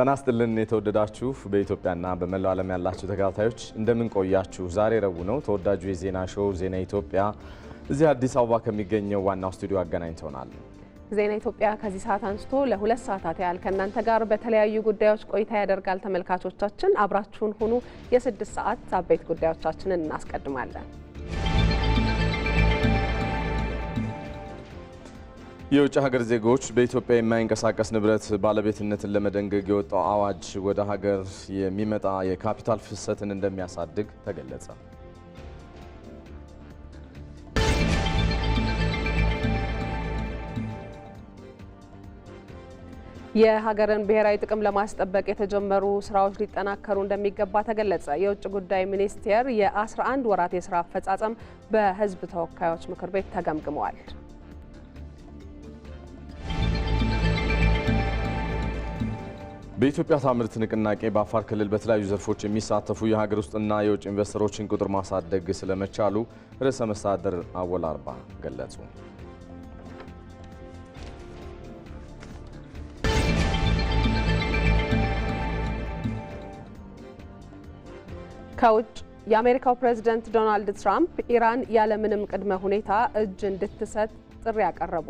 ጤና ይስጥልን የተወደዳችሁ በኢትዮጵያና በመላው ዓለም ያላችሁ ተከታታዮች እንደምን ቆያችሁ? ዛሬ ረቡዕ ነው። ተወዳጁ የዜና ሾው ዜና ኢትዮጵያ እዚህ አዲስ አበባ ከሚገኘው ዋናው ስቱዲዮ አገናኝተውናል። ዜና ኢትዮጵያ ከዚህ ሰዓት አንስቶ ለሁለት ሰዓታት ያህል ከእናንተ ጋር በተለያዩ ጉዳዮች ቆይታ ያደርጋል። ተመልካቾቻችን አብራችሁን ሁኑ። የስድስት ሰዓት አበይት ጉዳዮቻችንን እናስቀድማለን። የውጭ ሀገር ዜጎች በኢትዮጵያ የማይንቀሳቀስ ንብረት ባለቤትነትን ለመደንገግ የወጣው አዋጅ ወደ ሀገር የሚመጣ የካፒታል ፍሰትን እንደሚያሳድግ ተገለጸ። የሀገርን ብሔራዊ ጥቅም ለማስጠበቅ የተጀመሩ ስራዎች ሊጠናከሩ እንደሚገባ ተገለጸ። የውጭ ጉዳይ ሚኒስቴር የ11 ወራት የስራ አፈጻጸም በህዝብ ተወካዮች ምክር ቤት ተገምግመዋል። በኢትዮጵያ ታምርት ንቅናቄ በአፋር ክልል በተለያዩ ዘርፎች የሚሳተፉ የሀገር ውስጥና የውጭ ኢንቨስተሮችን ቁጥር ማሳደግ ስለመቻሉ ርዕሰ መስተዳድር አወል አርባ ገለጹ። ከውጭ የአሜሪካው ፕሬዝደንት ዶናልድ ትራምፕ ኢራን ያለምንም ቅድመ ሁኔታ እጅ እንድትሰጥ ጥሪ አቀረቡ።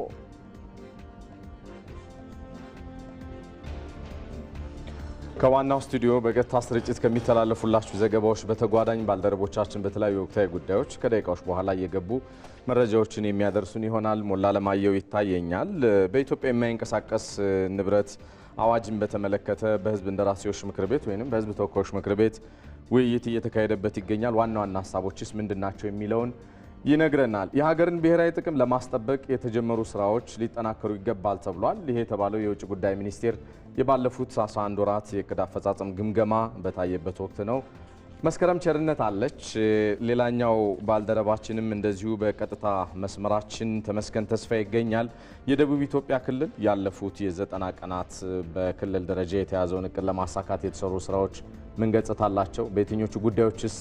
ከዋናው ስቱዲዮ በቀጥታ ስርጭት ከሚተላለፉላችሁ ዘገባዎች በተጓዳኝ ባልደረቦቻችን በተለያዩ ወቅታዊ ጉዳዮች ከደቂቃዎች በኋላ እየገቡ መረጃዎችን የሚያደርሱን ይሆናል። ሞላ ለማየው ይታየኛል። በኢትዮጵያ የማይንቀሳቀስ ንብረት አዋጅን በተመለከተ በህዝብ እንደራሴዎች ምክር ቤት ወይም በህዝብ ተወካዮች ምክር ቤት ውይይት እየተካሄደበት ይገኛል። ዋና ዋና ሀሳቦችስ ምንድን ናቸው የሚለውን ይነግረናል። የሀገርን ብሔራዊ ጥቅም ለማስጠበቅ የተጀመሩ ስራዎች ሊጠናከሩ ይገባል ተብሏል። ይሄ የተባለው የውጭ ጉዳይ ሚኒስቴር የባለፉት 11 ወራት የእቅድ አፈጻጸም ግምገማ በታየበት ወቅት ነው። መስከረም ቸርነት አለች። ሌላኛው ባልደረባችንም እንደዚሁ በቀጥታ መስመራችን ተመስገን ተስፋ ይገኛል። የደቡብ ኢትዮጵያ ክልል ያለፉት የዘጠና ቀናት በክልል ደረጃ የተያዘውን እቅድ ለማሳካት የተሰሩ ስራዎች ምን ገጽታ አላቸው? በየትኞቹ ጉዳዮችስ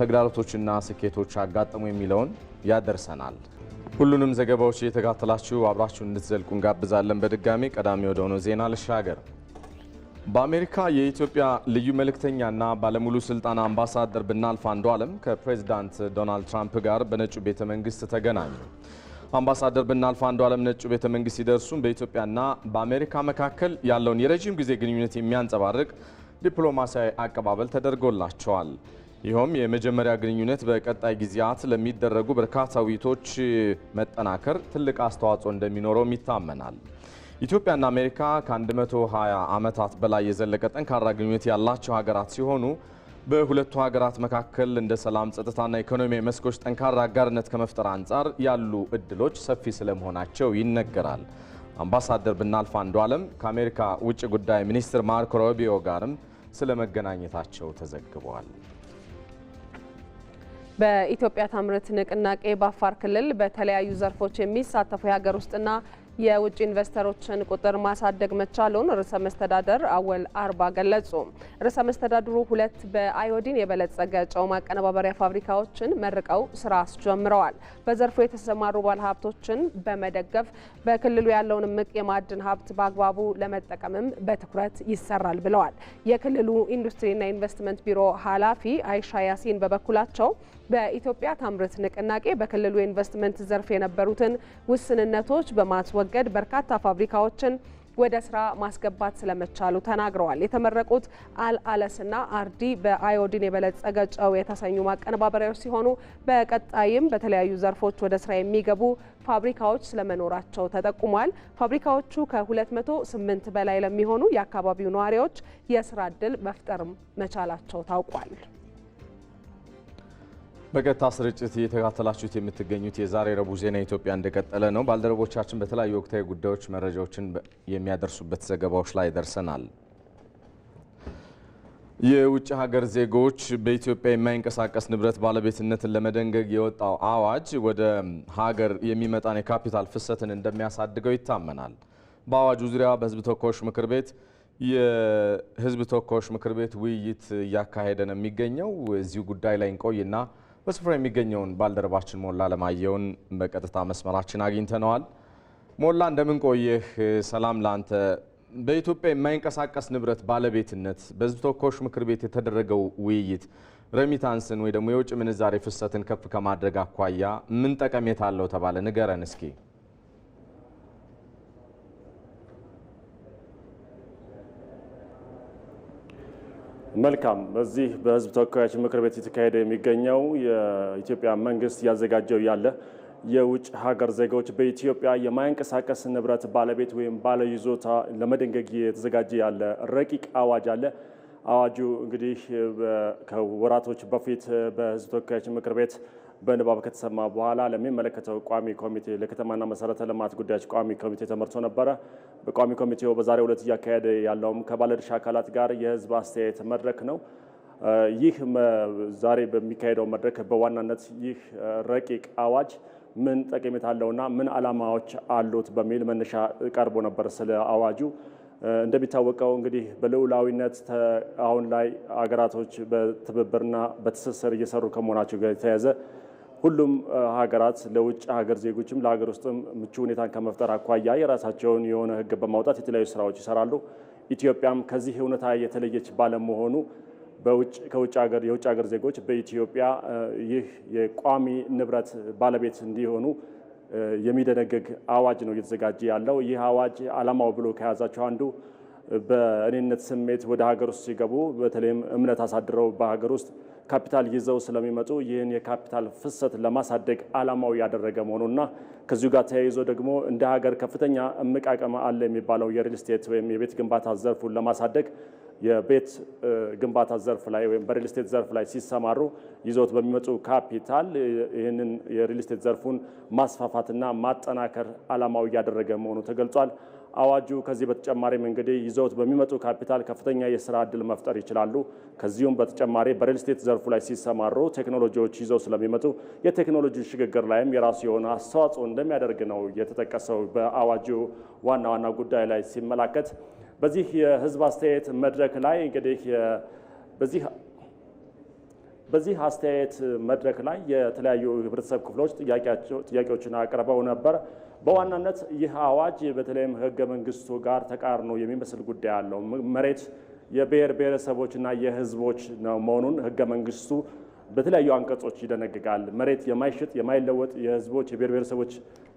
ተግዳሮቶችና ስኬቶች አጋጠሙ የሚለውን ያደርሰናል። ሁሉንም ዘገባዎች እየተካተላችሁ አብራችሁን እንድትዘልቁ እንጋብዛለን። በድጋሚ ቀዳሚ ወደ ሆነ ዜና ልሻገር። በአሜሪካ የኢትዮጵያ ልዩ መልእክተኛና ባለሙሉ ስልጣን አምባሳደር ብናልፍ አንዱ አለም ከፕሬዚዳንት ዶናልድ ትራምፕ ጋር በነጩ ቤተ መንግስት ተገናኙ። አምባሳደር ብናልፍ አንዱ አለም ነጩ ቤተ መንግስት ሲደርሱም በኢትዮጵያና በአሜሪካ መካከል ያለውን የረዥም ጊዜ ግንኙነት የሚያንጸባርቅ ዲፕሎማሲያዊ አቀባበል ተደርጎላቸዋል። ይኸውም የመጀመሪያ ግንኙነት በቀጣይ ጊዜያት ለሚደረጉ በርካታ ውይይቶች መጠናከር ትልቅ አስተዋጽኦ እንደሚኖረውም ይታመናል። ኢትዮጵያና አሜሪካ ከ120 ዓመታት በላይ የዘለቀ ጠንካራ ግንኙነት ያላቸው ሀገራት ሲሆኑ በሁለቱ ሀገራት መካከል እንደ ሰላም፣ ጸጥታና ኢኮኖሚ መስኮች ጠንካራ አጋርነት ከመፍጠር አንጻር ያሉ እድሎች ሰፊ ስለመሆናቸው ይነገራል። አምባሳደር ብናልፍ አለም ከአሜሪካ ውጭ ጉዳይ ሚኒስትር ማርኮ ሮቢዮ ጋርም ስለ መገናኘታቸው በኢትዮጵያ ታምርት ንቅናቄ በአፋር ክልል በተለያዩ ዘርፎች የሚሳተፉ የሀገር ውስጥና የውጭ ኢንቨስተሮችን ቁጥር ማሳደግ መቻሉን ርዕሰ መስተዳደር አወል አርባ ገለጹ። ርዕሰ መስተዳድሩ ሁለት በአዮዲን የበለጸገ ጨው ማቀነባበሪያ ፋብሪካዎችን መርቀው ስራ አስጀምረዋል። በዘርፉ የተሰማሩ ባለሀብቶችን በመደገፍ በክልሉ ያለውን እምቅ የማዕድን ሀብት በአግባቡ ለመጠቀምም በትኩረት ይሰራል ብለዋል። የክልሉ ኢንዱስትሪና ኢንቨስትመንት ቢሮ ኃላፊ አይሻ ያሲን በበኩላቸው በኢትዮጵያ ታምርት ንቅናቄ በክልሉ የኢንቨስትመንት ዘርፍ የነበሩትን ውስንነቶች በማስወገድ በርካታ ፋብሪካዎችን ወደ ስራ ማስገባት ስለመቻሉ ተናግረዋል። የተመረቁት አልአለስና አርዲ በአዮዲን የበለጸገ ጨው የተሰኙ ማቀነባበሪያዎች ሲሆኑ በቀጣይም በተለያዩ ዘርፎች ወደ ስራ የሚገቡ ፋብሪካዎች ስለመኖራቸው ተጠቁሟል። ፋብሪካዎቹ ከ208 በላይ ለሚሆኑ የአካባቢው ነዋሪዎች የስራ እድል መፍጠርም መቻላቸው ታውቋል። በቀጥታ ስርጭት እየተከታተላችሁት የምትገኙት የዛሬ ረቡዕ ዜና ኢትዮጵያ እንደቀጠለ ነው። ባልደረቦቻችን በተለያዩ ወቅታዊ ጉዳዮች መረጃዎችን የሚያደርሱበት ዘገባዎች ላይ ደርሰናል። የውጭ ሀገር ዜጎች በኢትዮጵያ የማይንቀሳቀስ ንብረት ባለቤትነትን ለመደንገግ የወጣው አዋጅ ወደ ሀገር የሚመጣን የካፒታል ፍሰትን እንደሚያሳድገው ይታመናል። በአዋጁ ዙሪያ በህዝብ ተወካዮች ምክር ቤት የህዝብ ተወካዮች ምክር ቤት ውይይት እያካሄደ ነው የሚገኘው። እዚሁ ጉዳይ ላይ እንቆይና በስፍራ የሚገኘውን ባልደረባችን ሞላ ለማየውን በቀጥታ መስመራችን አግኝተነዋል። ሞላ እንደምን ቆየህ? ሰላም ለአንተ። በኢትዮጵያ የማይንቀሳቀስ ንብረት ባለቤትነት በሕዝብ ተወካዮች ምክር ቤት የተደረገው ውይይት ረሚታንስን ወይ ደግሞ የውጭ ምንዛሬ ፍሰትን ከፍ ከማድረግ አኳያ ምን ጠቀሜታ አለው ተባለ? ንገረን እስኪ። መልካም በዚህ በህዝብ ተወካዮች ምክር ቤት የተካሄደ የሚገኘው የኢትዮጵያ መንግስት እያዘጋጀው ያለ የውጭ ሀገር ዜጋዎች በኢትዮጵያ የማይንቀሳቀስ ንብረት ባለቤት ወይም ባለይዞታ ለመደንገግ የተዘጋጀ ያለ ረቂቅ አዋጅ አለ። አዋጁ እንግዲህ ከወራቶች በፊት በህዝብ ተወካዮች ምክር ቤት በንባብ ከተሰማ በኋላ ለሚመለከተው ቋሚ ኮሚቴ ለከተማና መሰረተ ልማት ጉዳዮች ቋሚ ኮሚቴ ተመርቶ ነበረ። በቋሚ ኮሚቴው በዛሬው ዕለት እያካሄደ ያለውም ከባለድርሻ አካላት ጋር የህዝብ አስተያየት መድረክ ነው። ይህ ዛሬ በሚካሄደው መድረክ በዋናነት ይህ ረቂቅ አዋጅ ምን ጠቀሜታ አለውና ምን ዓላማዎች አሉት በሚል መነሻ ቀርቦ ነበር። ስለ አዋጁ እንደሚታወቀው እንግዲህ በልዑላዊነት አሁን ላይ አገራቶች በትብብርና በትስስር እየሰሩ ከመሆናቸው ጋር የተያያዘ ሁሉም ሀገራት ለውጭ ሀገር ዜጎችም ለሀገር ውስጥም ምቹ ሁኔታን ከመፍጠር አኳያ የራሳቸውን የሆነ ህግ በማውጣት የተለያዩ ስራዎች ይሰራሉ። ኢትዮጵያም ከዚህ እውነታ የተለየች ባለመሆኑ ከውጭ ሀገር የውጭ ሀገር ዜጎች በኢትዮጵያ ይህ የቋሚ ንብረት ባለቤት እንዲሆኑ የሚደነግግ አዋጅ ነው እየተዘጋጀ ያለው። ይህ አዋጅ አላማው ብሎ ከያዛቸው አንዱ በእኔነት ስሜት ወደ ሀገር ውስጥ ሲገቡ በተለይም እምነት አሳድረው በሀገር ውስጥ ካፒታል ይዘው ስለሚመጡ ይህን የካፒታል ፍሰት ለማሳደግ ዓላማው ያደረገ መሆኑና ከዚሁ ጋር ተያይዞ ደግሞ እንደ ሀገር ከፍተኛ እምቅ አቅም አለ የሚባለው የሪል ስቴት ወይም የቤት ግንባታ ዘርፉን ለማሳደግ የቤት ግንባታ ዘርፍ ላይ ወይም በሪል ስቴት ዘርፍ ላይ ሲሰማሩ ይዘውት በሚመጡ ካፒታል ይህንን የሪል ስቴት ዘርፉን ማስፋፋትና ማጠናከር ዓላማው እያደረገ መሆኑ ተገልጿል። አዋጁ ከዚህ በተጨማሪም እንግዲህ ይዘውት በሚመጡ ካፒታል ከፍተኛ የስራ እድል መፍጠር ይችላሉ። ከዚሁም በተጨማሪ በሪል ስቴት ዘርፉ ላይ ሲሰማሩ ቴክኖሎጂዎች ይዘው ስለሚመጡ የቴክኖሎጂ ሽግግር ላይም የራሱ የሆነ አስተዋጽኦ እንደሚያደርግ ነው የተጠቀሰው በአዋጁ ዋና ዋና ጉዳይ ላይ ሲመላከት በዚህ የህዝብ አስተያየት መድረክ ላይ እንግዲህ በዚህ በዚህ አስተያየት መድረክ ላይ የተለያዩ ህብረተሰብ ክፍሎች ጥያቄዎችን አቅርበው ነበር። በዋናነት ይህ አዋጅ በተለይም ህገ መንግስቱ ጋር ተቃርኖ የሚመስል ጉዳይ አለው። መሬት የብሔር ብሔረሰቦችና የህዝቦች ነው መሆኑን ህገ መንግስቱ በተለያዩ አንቀጾች ይደነግጋል። መሬት የማይሸጥ የማይለወጥ የህዝቦች የብሔር ብሔረሰቦች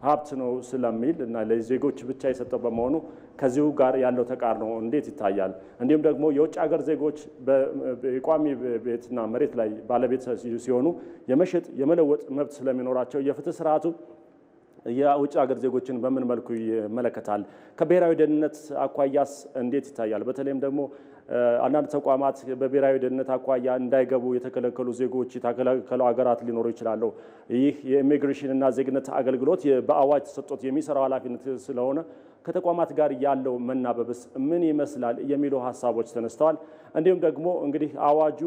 ሀብት ነው ስለሚል እና ለዜጎች ብቻ የሰጠው በመሆኑ ከዚሁ ጋር ያለው ተቃርኖ እንዴት ይታያል? እንዲሁም ደግሞ የውጭ ሀገር ዜጎች በቋሚ ቤትና መሬት ላይ ባለቤት ሲሆኑ የመሸጥ የመለወጥ መብት ስለሚኖራቸው የፍትህ ስርዓቱ የውጭ ሀገር ዜጎችን በምን መልኩ ይመለከታል? ከብሔራዊ ደህንነት አኳያስ እንዴት ይታያል? በተለይም ደግሞ አንዳንድ ተቋማት በብሔራዊ ደህንነት አኳያ እንዳይገቡ የተከለከሉ ዜጎች የተከለከሉ ሀገራት ሊኖሩ ይችላሉ። ይህ የኢሚግሬሽን እና ዜግነት አገልግሎት በአዋጅ ተሰጥቶት የሚሰራው ኃላፊነት ስለሆነ ከተቋማት ጋር ያለው መናበብስ ምን ይመስላል የሚሉ ሀሳቦች ተነስተዋል። እንዲሁም ደግሞ እንግዲህ አዋጁ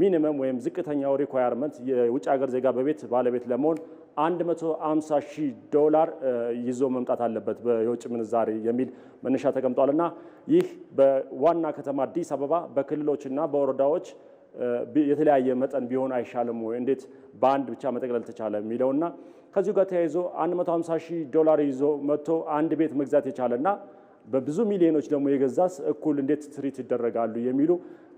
ሚኒመም ወይም ዝቅተኛው ሪኳየርመንት የውጭ ሀገር ዜጋ በቤት ባለቤት ለመሆን 150 ሺህ ዶላር ይዞ መምጣት አለበት የውጭ ምንዛሬ የሚል መነሻ ተቀምጧል እና ይህ በዋና ከተማ አዲስ አበባ በክልሎች ና በወረዳዎች የተለያየ መጠን ቢሆን አይሻልም ወይ? እንዴት በአንድ ብቻ መጠቅለል ተቻለ የሚለውና ከዚሁ ጋር ተያይዞ 150 ሺህ ዶላር ይዞ መጥቶ አንድ ቤት መግዛት የቻለ እና በብዙ ሚሊዮኖች ደግሞ የገዛስ እኩል እንዴት ትሪት ይደረጋሉ የሚሉ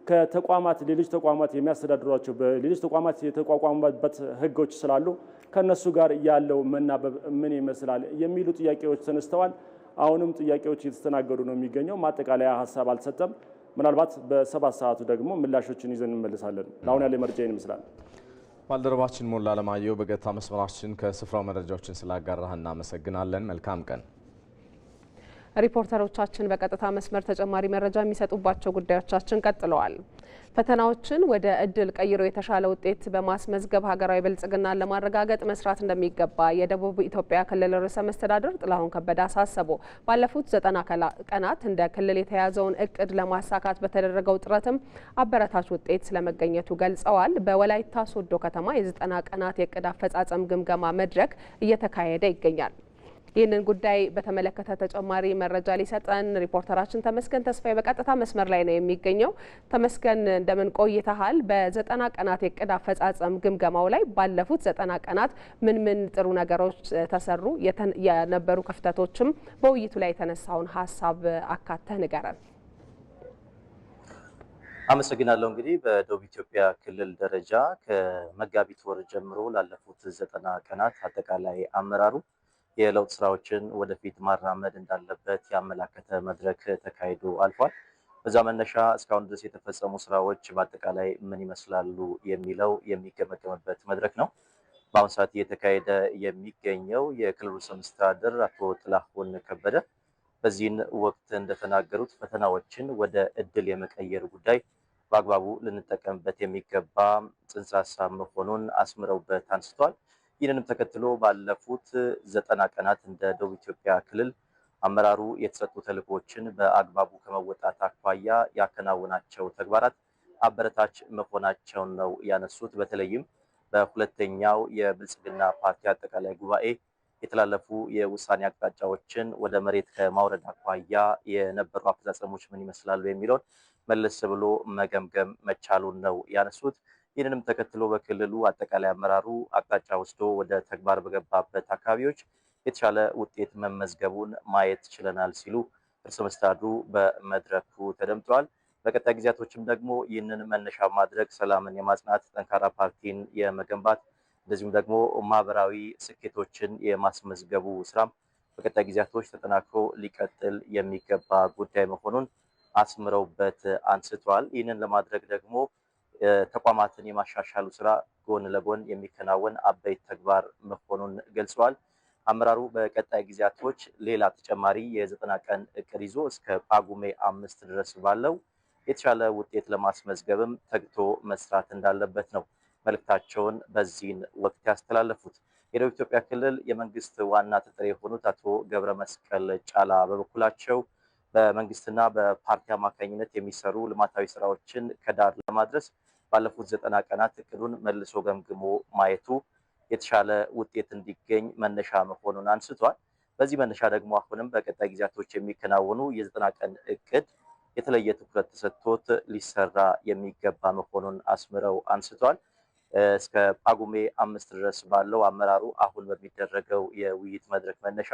ከተቋማት ሌሎች ተቋማት የሚያስተዳድሯቸው በሌሎች ተቋማት የተቋቋሙበት ህጎች ስላሉ ከነሱ ጋር ያለው መናበብ ምን ይመስላል የሚሉ ጥያቄዎች ተነስተዋል። አሁንም ጥያቄዎች እየተስተናገዱ ነው የሚገኘው። ማጠቃለያ ሀሳብ አልሰጠም። ምናልባት በሰባት ሰዓቱ ደግሞ ምላሾችን ይዘን እንመልሳለን። ለአሁን ያለ መረጃ ይመስላል። ባልደረባችን ሞላ አለማየሁ በገታ መስመራችን ከስፍራው መረጃዎችን ስላጋራህ እናመሰግናለን። መልካም ቀን ሪፖርተሮቻችን በቀጥታ መስመር ተጨማሪ መረጃ የሚሰጡባቸው ጉዳዮቻችን ቀጥለዋል። ፈተናዎችን ወደ እድል ቀይሮ የተሻለ ውጤት በማስመዝገብ ሀገራዊ ብልጽግናን ለማረጋገጥ መስራት እንደሚገባ የደቡብ ኢትዮጵያ ክልል ርዕሰ መስተዳድር ጥላሁን ከበደ አሳሰቡ። ባለፉት ዘጠና ቀናት እንደ ክልል የተያዘውን እቅድ ለማሳካት በተደረገው ጥረትም አበረታች ውጤት ስለመገኘቱ ገልጸዋል። በወላይታ ሶዶ ከተማ የዘጠና ቀናት የእቅድ አፈጻጸም ግምገማ መድረክ እየተካሄደ ይገኛል። ይህንን ጉዳይ በተመለከተ ተጨማሪ መረጃ ሊሰጠን ሪፖርተራችን ተመስገን ተስፋዬ በቀጥታ መስመር ላይ ነው የሚገኘው። ተመስገን እንደምን ቆይተሃል? በዘጠና ቀናት የእቅድ አፈጻጸም ግምገማው ላይ ባለፉት ዘጠና ቀናት ምን ምን ጥሩ ነገሮች ተሰሩ? የነበሩ ክፍተቶችም በውይይቱ ላይ የተነሳውን ሀሳብ አካተህ ንገረን። አመሰግናለሁ። እንግዲህ በደቡብ ኢትዮጵያ ክልል ደረጃ ከመጋቢት ወር ጀምሮ ላለፉት ዘጠና ቀናት አጠቃላይ አመራሩ የለውጥ ስራዎችን ወደፊት ማራመድ እንዳለበት ያመላከተ መድረክ ተካሂዶ አልፏል። በዛ መነሻ እስካሁን ድረስ የተፈጸሙ ስራዎች በአጠቃላይ ምን ይመስላሉ የሚለው የሚገመገምበት መድረክ ነው። በአሁኑ ሰዓት እየተካሄደ የሚገኘው የክልሉ ርዕሰ መስተዳድር አቶ ጥላሁን ከበደ በዚህን ወቅት እንደተናገሩት ፈተናዎችን ወደ እድል የመቀየር ጉዳይ በአግባቡ ልንጠቀምበት የሚገባ ጽንሰ ሀሳብ መሆኑን አስምረውበት አንስቷል። ይህንንም ተከትሎ ባለፉት ዘጠና ቀናት እንደ ደቡብ ኢትዮጵያ ክልል አመራሩ የተሰጡ ተልዕኮችን በአግባቡ ከመወጣት አኳያ ያከናውናቸው ተግባራት አበረታች መሆናቸውን ነው ያነሱት። በተለይም በሁለተኛው የብልጽግና ፓርቲ አጠቃላይ ጉባኤ የተላለፉ የውሳኔ አቅጣጫዎችን ወደ መሬት ከማውረድ አኳያ የነበሩ አፈጻጸሞች ምን ይመስላሉ የሚለውን መለስ ብሎ መገምገም መቻሉን ነው ያነሱት። ይህንንም ተከትሎ በክልሉ አጠቃላይ አመራሩ አቅጣጫ ወስዶ ወደ ተግባር በገባበት አካባቢዎች የተሻለ ውጤት መመዝገቡን ማየት ችለናል ሲሉ እርስ መስተዳድሩ በመድረኩ ተደምጠዋል። በቀጣይ ጊዜያቶችም ደግሞ ይህንን መነሻ ማድረግ ሰላምን የማጽናት ጠንካራ ፓርቲን የመገንባት እንደዚሁም ደግሞ ማህበራዊ ስኬቶችን የማስመዝገቡ ስራም በቀጣይ ጊዜያቶች ተጠናክሮ ሊቀጥል የሚገባ ጉዳይ መሆኑን አስምረውበት አንስተዋል። ይህንን ለማድረግ ደግሞ ተቋማትን የማሻሻሉ ስራ ጎን ለጎን የሚከናወን አበይት ተግባር መሆኑን ገልጸዋል። አመራሩ በቀጣይ ጊዜያቶች ሌላ ተጨማሪ የዘጠና ቀን እቅድ ይዞ እስከ ጳጉሜ አምስት ድረስ ባለው የተሻለ ውጤት ለማስመዝገብም ተግቶ መስራት እንዳለበት ነው መልእክታቸውን በዚህን ወቅት ያስተላለፉት። የደቡብ ኢትዮጵያ ክልል የመንግስት ዋና ተጠሪ የሆኑት አቶ ገብረ መስቀል ጫላ በበኩላቸው በመንግስትና በፓርቲ አማካኝነት የሚሰሩ ልማታዊ ስራዎችን ከዳር ለማድረስ ባለፉት ዘጠና ቀናት እቅዱን መልሶ ገምግሞ ማየቱ የተሻለ ውጤት እንዲገኝ መነሻ መሆኑን አንስቷል። በዚህ መነሻ ደግሞ አሁንም በቀጣይ ጊዜያቶች የሚከናወኑ የዘጠና ቀን እቅድ የተለየ ትኩረት ተሰጥቶት ሊሰራ የሚገባ መሆኑን አስምረው አንስቷል። እስከ ጳጉሜ አምስት ድረስ ባለው አመራሩ አሁን በሚደረገው የውይይት መድረክ መነሻ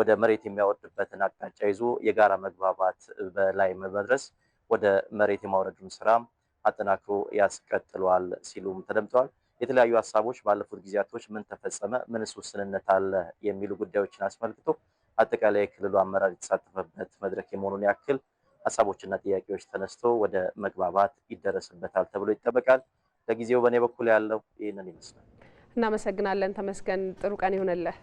ወደ መሬት የሚያወርድበትን አቅጣጫ ይዞ የጋራ መግባባት በላይ መድረስ ወደ መሬት የማውረዱን ስራ አጠናክሮ ያስቀጥሏል ሲሉም ተደምጠዋል። የተለያዩ ሀሳቦች ባለፉት ጊዜያቶች ምን ተፈጸመ፣ ምንስ ውስንነት አለ የሚሉ ጉዳዮችን አስመልክቶ አጠቃላይ የክልሉ አመራር የተሳተፈበት መድረክ የመሆኑን ያክል ሀሳቦችና ጥያቄዎች ተነስቶ ወደ መግባባት ይደረስበታል ተብሎ ይጠበቃል። ለጊዜው በእኔ በኩል ያለው ይህንን ይመስላል። እናመሰግናለን ተመስገን። ጥሩ ቀን ይሆንልህ።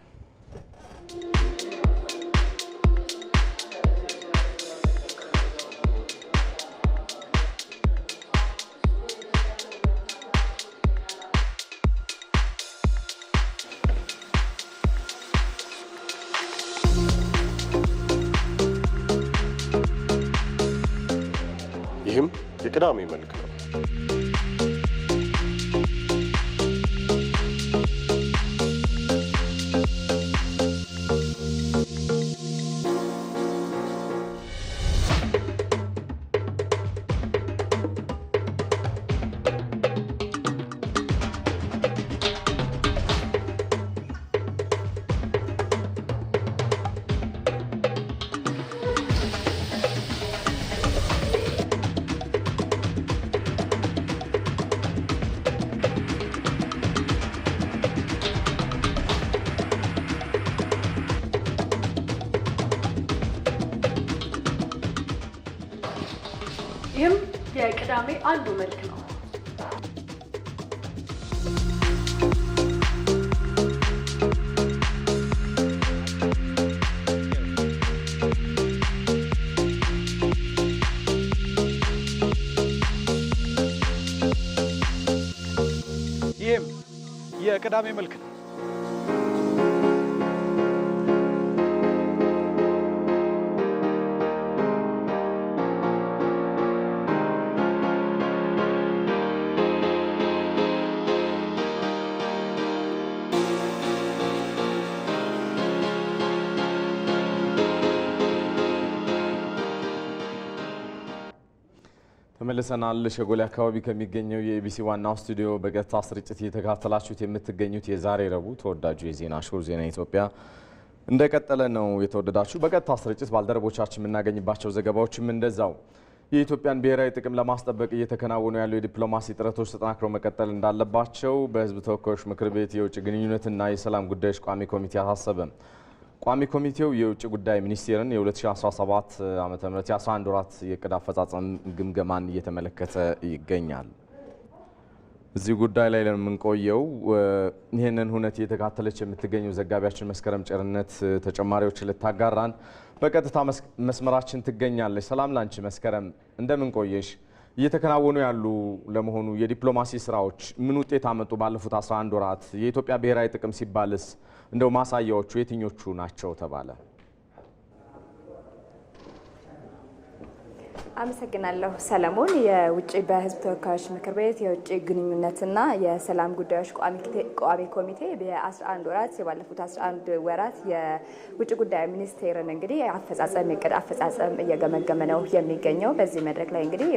ቅዳሜ መልክ ነው። ይህም የቅዳሜ አንዱ መልክ ነው። የቅዳሜ መልክ ነው። ተመልሰናል። ሸጎሌ አካባቢ ከሚገኘው የኢቢሲ ዋናው ስቱዲዮ በቀጥታ ስርጭት እየተከታተላችሁት የምትገኙት የዛሬ ረቡዕ ተወዳጁ የዜና ሾው ዜና ኢትዮጵያ እንደቀጠለ ነው። የተወደዳችሁ በቀጥታ ስርጭት ባልደረቦቻችን የምናገኝባቸው ዘገባዎችም እንደዛው የኢትዮጵያን ብሔራዊ ጥቅም ለማስጠበቅ እየተከናወኑ ያሉ የዲፕሎማሲ ጥረቶች ተጠናክረው መቀጠል እንዳለባቸው በሕዝብ ተወካዮች ምክር ቤት የውጭ ግንኙነትና የሰላም ጉዳዮች ቋሚ ኮሚቴ አሳሰበ። ቋሚ ኮሚቴው የውጭ ጉዳይ ሚኒስቴርን የ2017 ዓ ም የ11 ወራት የዕቅድ አፈጻጸም ግምገማን እየተመለከተ ይገኛል። እዚህ ጉዳይ ላይ ለምንቆየው ይህንን ሁነት እየተካተለች የምትገኘው ዘጋቢያችን መስከረም ጭርነት ተጨማሪዎች ልታጋራን በቀጥታ መስመራችን ትገኛለች። ሰላም ላንቺ መስከረም፣ እንደምን ቆየሽ? እየተከናወኑ ያሉ ለመሆኑ የዲፕሎማሲ ስራዎች ምን ውጤት አመጡ? ባለፉት 11 ወራት የኢትዮጵያ ብሔራዊ ጥቅም ሲባልስ እንደው ማሳያዎቹ የትኞቹ ናቸው ተባለ? አመሰግናለሁ ሰለሞን። የውጭ በህዝብ ተወካዮች ምክር ቤት የውጭ ግንኙነትና የሰላም ጉዳዮች ቋሚ ኮሚቴ በ11 ወራት የባለፉት 11 ወራት የውጭ ጉዳይ ሚኒስቴርን እንግዲህ አፈጻጸም እቅድ አፈጻጸም እየገመገመ ነው የሚገኘው። በዚህ መድረክ ላይ እንግዲህ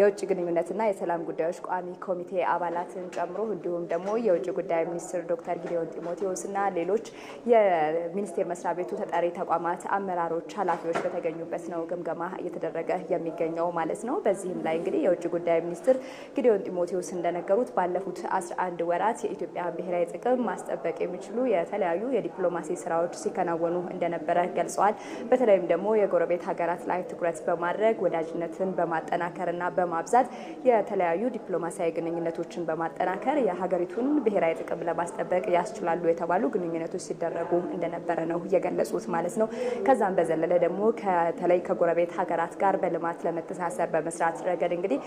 የውጭ ግንኙነትና የሰላም ጉዳዮች ቋሚ ኮሚቴ አባላትን ጨምሮ እንዲሁም ደግሞ የውጭ ጉዳይ ሚኒስትር ዶክተር ጊዲዮን ጢሞቴዎስ እና ሌሎች የሚኒስቴር መስሪያ ቤቱ ተጠሪ ተቋማት አመራሮች፣ ኃላፊዎች በተገኙበት ነው ግምገማ እየተደረገ የሚገኘው ማለት ነው። በዚህም ላይ እንግዲህ የውጭ ጉዳይ ሚኒስትር ጊዲዮን ጢሞቴዎስ እንደነገሩት ባለፉት 11 ወራት የኢትዮጵያ ብሔራዊ ጥቅም ማስጠበቅ የሚችሉ የተለያዩ የዲፕሎማሲ ስራዎች ሲከናወኑ እንደነበረ ገልጸዋል። በተለይም ደግሞ የጎረቤት ሀገራት ላይ ትኩረት በማድረግ ወዳጅነትን በማጠናከርና በማብዛት የተለያዩ ዲፕሎማሲያዊ ግንኙነቶችን በማጠናከር የሀገሪቱን ብሔራዊ ጥቅም ለማስጠበቅ ያስችላሉ የተባሉ ግንኙነቶች ሲደረጉ እንደነበረ ነው የገለጹት ማለት ነው። ከዛም በዘለለ ደግሞ ከተለይ ከጎረቤት ሀገራት ጋር በልማት ለመተሳሰር በመስራት ረገድ እንግዲህ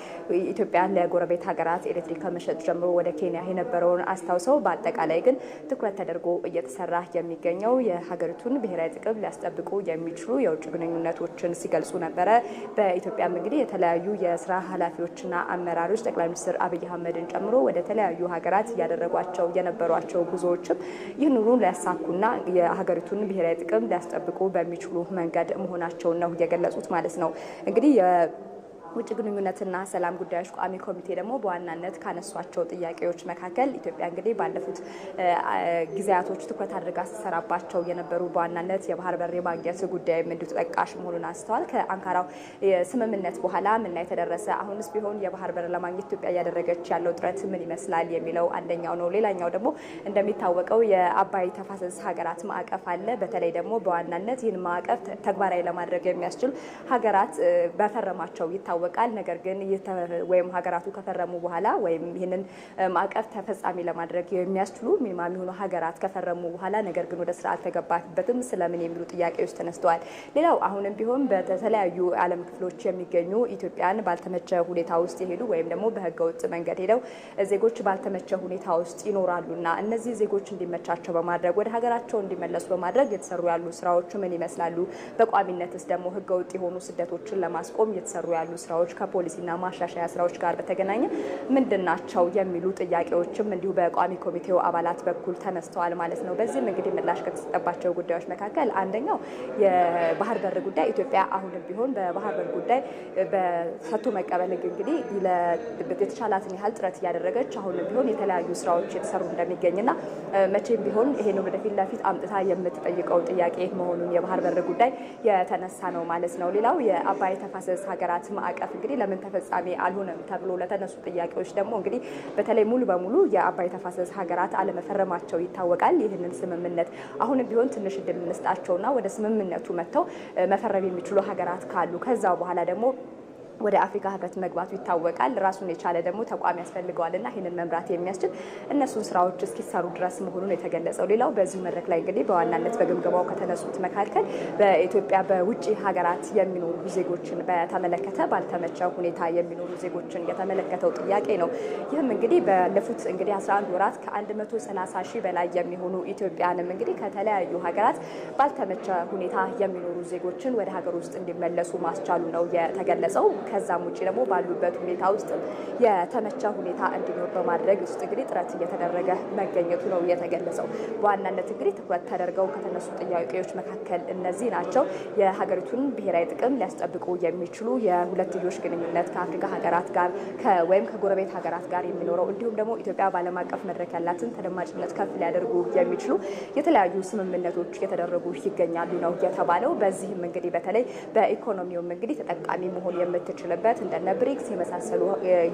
ኢትዮጵያ ለጎረቤት ሀገራት ኤሌክትሪክ ከመሸጥ ጀምሮ ወደ ኬንያ የነበረውን አስታውሰው በአጠቃላይ ግን ትኩረት ተደርጎ እየተሰራ የሚገኘው የሀገሪቱን ብሔራዊ ጥቅም ሊያስጠብቁ የሚችሉ የውጭ ግንኙነቶችን ሲገልጹ ነበረ። በኢትዮጵያም እንግዲህ የተለያዩ የስራ ኃላፊዎችና አመራሮች ጠቅላይ ሚኒስትር አብይ አህመድን ጨምሮ ወደ ተለያዩ ሀገራት እያደረጓቸው የነበሯቸው ጉዞዎችም ይህንኑ ሊያሳኩና የሀገሪቱን ብሔራዊ ጥቅም ሊያስጠብቁ በሚችሉ መንገድ መሆናቸውን ነው የገለጹት ማለት let us know. ውጭ ግንኙነትና ሰላም ጉዳዮች ቋሚ ኮሚቴ ደግሞ በዋናነት ካነሷቸው ጥያቄዎች መካከል ኢትዮጵያ እንግዲህ ባለፉት ጊዜያቶች ትኩረት አድርጋ ስትሰራባቸው የነበሩ በዋናነት የባህር በር የማግኘት ጉዳይም እንዲሁ ተጠቃሽ መሆኑን አንስተዋል። ከአንካራው ስምምነት በኋላ ምን ላይ ተደረሰ? አሁንስ ቢሆን የባህር በር ለማግኘት ኢትዮጵያ እያደረገች ያለው ጥረት ምን ይመስላል የሚለው አንደኛው ነው። ሌላኛው ደግሞ እንደሚታወቀው የአባይ ተፋሰስ ሀገራት ማዕቀፍ አለ። በተለይ ደግሞ በዋናነት ይህን ማዕቀፍ ተግባራዊ ለማድረግ የሚያስችል ሀገራት በፈረማቸው ይታወቃል። ይታወቃል። ነገር ግን ወይም ሀገራቱ ከፈረሙ በኋላ ወይም ይህንን ማዕቀፍ ተፈጻሚ ለማድረግ የሚያስችሉ ሚኒማ የሚሆኑ ሀገራት ከፈረሙ በኋላ ነገር ግን ወደ ስራ አልተገባበትም ስለምን የሚሉ ጥያቄዎች ተነስተዋል። ሌላው አሁንም ቢሆን በተለያዩ ዓለም ክፍሎች የሚገኙ ኢትዮጵያን ባልተመቸ ሁኔታ ውስጥ የሄዱ ወይም ደግሞ በህገ መንገድ ሄደው ዜጎች ባልተመቸ ሁኔታ ውስጥ ይኖራሉና እነዚህ ዜጎች እንዲመቻቸው በማድረግ ወደ ሀገራቸው እንዲመለሱ በማድረግ የተሰሩ ያሉ ስራዎች ምን ይመስላሉ? በቋሚነትስ ደግሞ ህገ የሆኑ ስደቶችን ለማስቆም የተሰሩ ያሉ ስራ ስራዎች ከፖሊሲና ማሻሻያ ስራዎች ጋር በተገናኘ ምንድን ናቸው የሚሉ ጥያቄዎችም እንዲሁ በቋሚ ኮሚቴው አባላት በኩል ተነስተዋል ማለት ነው። በዚህም እንግዲህ ምላሽ ከተሰጠባቸው ጉዳዮች መካከል አንደኛው የባህር በር ጉዳይ ኢትዮጵያ አሁንም ቢሆን በባህር በር ጉዳይ በሰጥቶ መቀበል እንግዲህ የተቻላትን ያህል ጥረት እያደረገች አሁንም ቢሆን የተለያዩ ስራዎች የተሰሩ እንደሚገኝና መቼም ቢሆን ይሄን ወደፊት ለፊት አምጥታ የምትጠይቀው ጥያቄ መሆኑን የባህር በር ጉዳይ የተነሳ ነው ማለት ነው። ሌላው የአባይ ተፋሰስ ሀገራት ማዕቀፍ ማዕቀፍ እንግዲህ ለምን ተፈጻሚ አልሆነም ተብሎ ለተነሱ ጥያቄዎች ደግሞ እንግዲህ በተለይ ሙሉ በሙሉ የአባይ ተፋሰስ ሀገራት አለመፈረማቸው ይታወቃል። ይህንን ስምምነት አሁንም ቢሆን ትንሽ እድል እንስጣቸውና ወደ ስምምነቱ መጥተው መፈረም የሚችሉ ሀገራት ካሉ ከዛ በኋላ ደግሞ ወደ አፍሪካ ህብረት መግባቱ ይታወቃል። ራሱን የቻለ ደግሞ ተቋም ያስፈልገዋል እና ይህንን መምራት የሚያስችል እነሱን ስራዎች እስኪሰሩ ድረስ መሆኑን የተገለጸው። ሌላው በዚሁ መድረክ ላይ እንግዲህ በዋናነት በግምገማው ከተነሱት መካከል በኢትዮጵያ በውጭ ሀገራት የሚኖሩ ዜጎችን በተመለከተ ባልተመቸ ሁኔታ የሚኖሩ ዜጎችን የተመለከተው ጥያቄ ነው። ይህም እንግዲህ ባለፉት እንግዲህ 11 ወራት ከ130 ሺህ በላይ የሚሆኑ ኢትዮጵያንም እንግዲህ ከተለያዩ ሀገራት ባልተመቸ ሁኔታ የሚኖሩ ዜጎችን ወደ ሀገር ውስጥ እንዲመለሱ ማስቻሉ ነው የተገለጸው። ከዛም ውጭ ደግሞ ባሉበት ሁኔታ ውስጥ የተመቻ ሁኔታ እንዲኖር በማድረግ ውስጥ እንግዲህ ጥረት እየተደረገ መገኘቱ ነው የተገለጸው። በዋናነት እንግዲህ ትኩረት ተደርገው ከተነሱ ጥያቄዎች መካከል እነዚህ ናቸው። የሀገሪቱን ብሔራዊ ጥቅም ሊያስጠብቁ የሚችሉ የሁለትዮሽ ግንኙነት ከአፍሪካ ሀገራት ጋር ወይም ከጎረቤት ሀገራት ጋር የሚኖረው እንዲሁም ደግሞ ኢትዮጵያ በዓለም አቀፍ መድረክ ያላትን ተደማጭነት ከፍ ሊያደርጉ የሚችሉ የተለያዩ ስምምነቶች እየተደረጉ ይገኛሉ ነው የተባለው። በዚህም እንግዲህ በተለይ በኢኮኖሚውም እንግዲህ ተጠቃሚ መሆን የምትል የምትችልበት እንደነ ብሪክስ የመሳሰሉ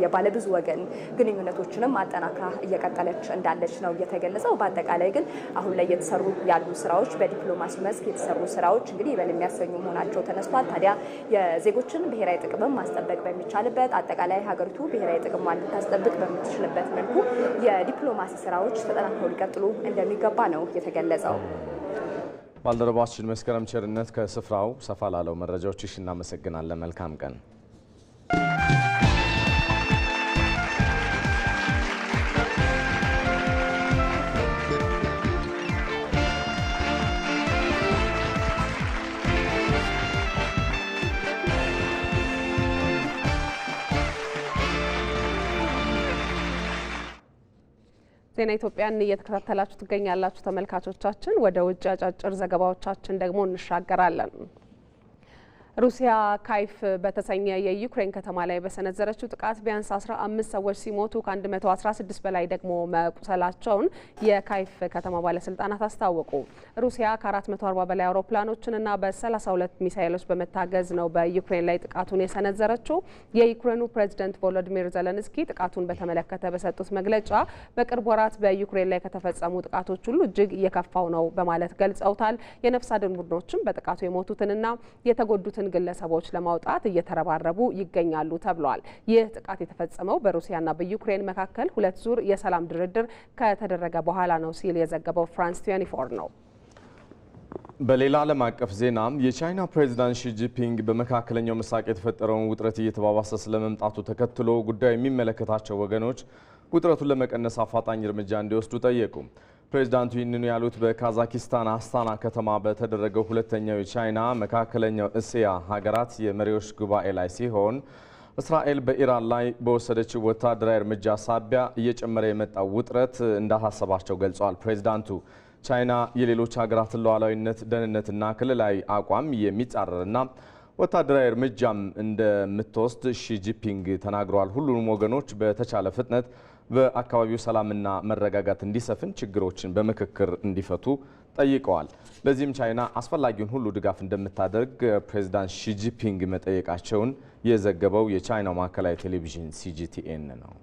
የባለብዙ ወገን ግንኙነቶችንም አጠናክራ እየቀጠለች እንዳለች ነው እየተገለጸው። በአጠቃላይ ግን አሁን ላይ የተሰሩ ያሉ ስራዎች በዲፕሎማሲ መስክ የተሰሩ ስራዎች እንግዲህ ይበል የሚያሰኙ መሆናቸው ተነስቷል። ታዲያ የዜጎችን ብሔራዊ ጥቅምም ማስጠበቅ በሚቻልበት አጠቃላይ ሀገሪቱ ብሔራዊ ጥቅሟን ልታስጠብቅ በምትችልበት መልኩ የዲፕሎማሲ ስራዎች ተጠናክረው ሊቀጥሉ እንደሚገባ ነው የተገለጸው። ባልደረባችን መስከረም ቸርነት ከስፍራው ሰፋ ላለው መረጃዎችሽ እናመሰግናለን። መልካም ቀን። ዜና ኢትዮጵያን እየተከታተላችሁ ትገኛላችሁ ተመልካቾቻችን። ወደ ውጭ አጫጭር ዘገባዎቻችን ደግሞ እንሻገራለን። ሩሲያ ካይፍ በተሰኘ የዩክሬን ከተማ ላይ በሰነዘረችው ጥቃት ቢያንስ 15 ሰዎች ሲሞቱ ከ116 በላይ ደግሞ መቁሰላቸውን የካይፍ ከተማ ባለስልጣናት አስታወቁ። ሩሲያ ከ440 በላይ አውሮፕላኖችንና በ32 ሚሳይሎች በመታገዝ ነው በዩክሬን ላይ ጥቃቱን የሰነዘረችው። የዩክሬኑ ፕሬዚደንት ቮሎዲሚር ዘለንስኪ ጥቃቱን በተመለከተ በሰጡት መግለጫ በቅርብ ወራት በዩክሬን ላይ ከተፈጸሙ ጥቃቶች ሁሉ እጅግ እየከፋው ነው በማለት ገልጸውታል። የነፍስ አድን ቡድኖችም በጥቃቱ የሞቱትንና የተጎዱትን የደረሱትን ግለሰቦች ለማውጣት እየተረባረቡ ይገኛሉ ተብሏል። ይህ ጥቃት የተፈጸመው በሩሲያና በዩክሬን መካከል ሁለት ዙር የሰላም ድርድር ከተደረገ በኋላ ነው ሲል የዘገበው ፍራንስ 24 ነው። በሌላ ዓለም አቀፍ ዜናም የቻይና ፕሬዚዳንት ሺጂፒንግ በመካከለኛው ምስራቅ የተፈጠረውን ውጥረት እየተባባሰ ስለመምጣቱ ተከትሎ ጉዳዩ የሚመለከታቸው ወገኖች ውጥረቱን ለመቀነስ አፋጣኝ እርምጃ እንዲወስዱ ጠየቁ። ፕሬዚዳንቱ ይህንኑ ያሉት በካዛኪስታን አስታና ከተማ በተደረገው ሁለተኛው የቻይና መካከለኛው እስያ ሀገራት የመሪዎች ጉባኤ ላይ ሲሆን እስራኤል በኢራን ላይ በወሰደችው ወታደራዊ እርምጃ ሳቢያ እየጨመረ የመጣው ውጥረት እንዳሳሰባቸው ገልጸዋል። ፕሬዚዳንቱ ቻይና የሌሎች ሀገራትን ሉዓላዊነት፣ ደህንነትና ክልላዊ አቋም የሚጻረርና ወታደራዊ እርምጃም እንደምትወስድ ሺጂፒንግ ተናግረዋል። ሁሉንም ወገኖች በተቻለ ፍጥነት በአካባቢው ሰላምና መረጋጋት እንዲሰፍን ችግሮችን በምክክር እንዲፈቱ ጠይቀዋል። ለዚህም ቻይና አስፈላጊውን ሁሉ ድጋፍ እንደምታደርግ ፕሬዚዳንት ሺጂፒንግ መጠየቃቸውን የዘገበው የቻይናው ማዕከላዊ ቴሌቪዥን ሲጂቲኤን ነው።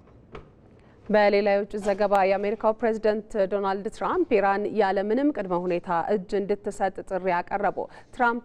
በሌላ የውጭ ዘገባ የአሜሪካው ፕሬዝደንት ዶናልድ ትራምፕ ኢራን ያለምንም ቅድመ ሁኔታ እጅ እንድትሰጥ ጥሪ አቀረቡ። ትራምፕ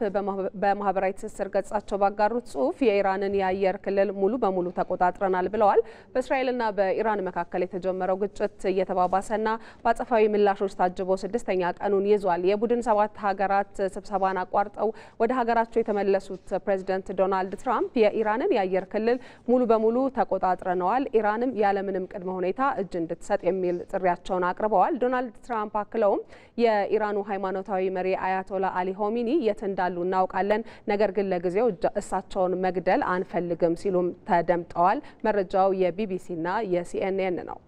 በማህበራዊ ትስስር ገጻቸው ባጋሩት ጽሁፍ የኢራንን የአየር ክልል ሙሉ በሙሉ ተቆጣጥረናል ብለዋል። በእስራኤልና በኢራን መካከል የተጀመረው ግጭት እየተባባሰና በአጸፋዊ ምላሾች ታጅቦ ስድስተኛ ቀኑን ይዟል። የቡድን ሰባት ሀገራት ስብሰባን አቋርጠው ወደ ሀገራቸው የተመለሱት ፕሬዝደንት ዶናልድ ትራምፕ የኢራንን የአየር ክልል ሙሉ በሙሉ ተቆጣጥረነዋል፣ ኢራንም ያለምንም ቅድመ ሁኔታ ሁኔታ እጅ እንድትሰጥ የሚል ጥሪያቸውን አቅርበዋል። ዶናልድ ትራምፕ አክለውም የኢራኑ ሃይማኖታዊ መሪ አያቶላ አሊ ሆሚኒ የት እንዳሉ እናውቃለን፣ ነገር ግን ለጊዜው እሳቸውን መግደል አንፈልግም ሲሉም ተደምጠዋል። መረጃው የቢቢሲና የሲኤንኤን ነው።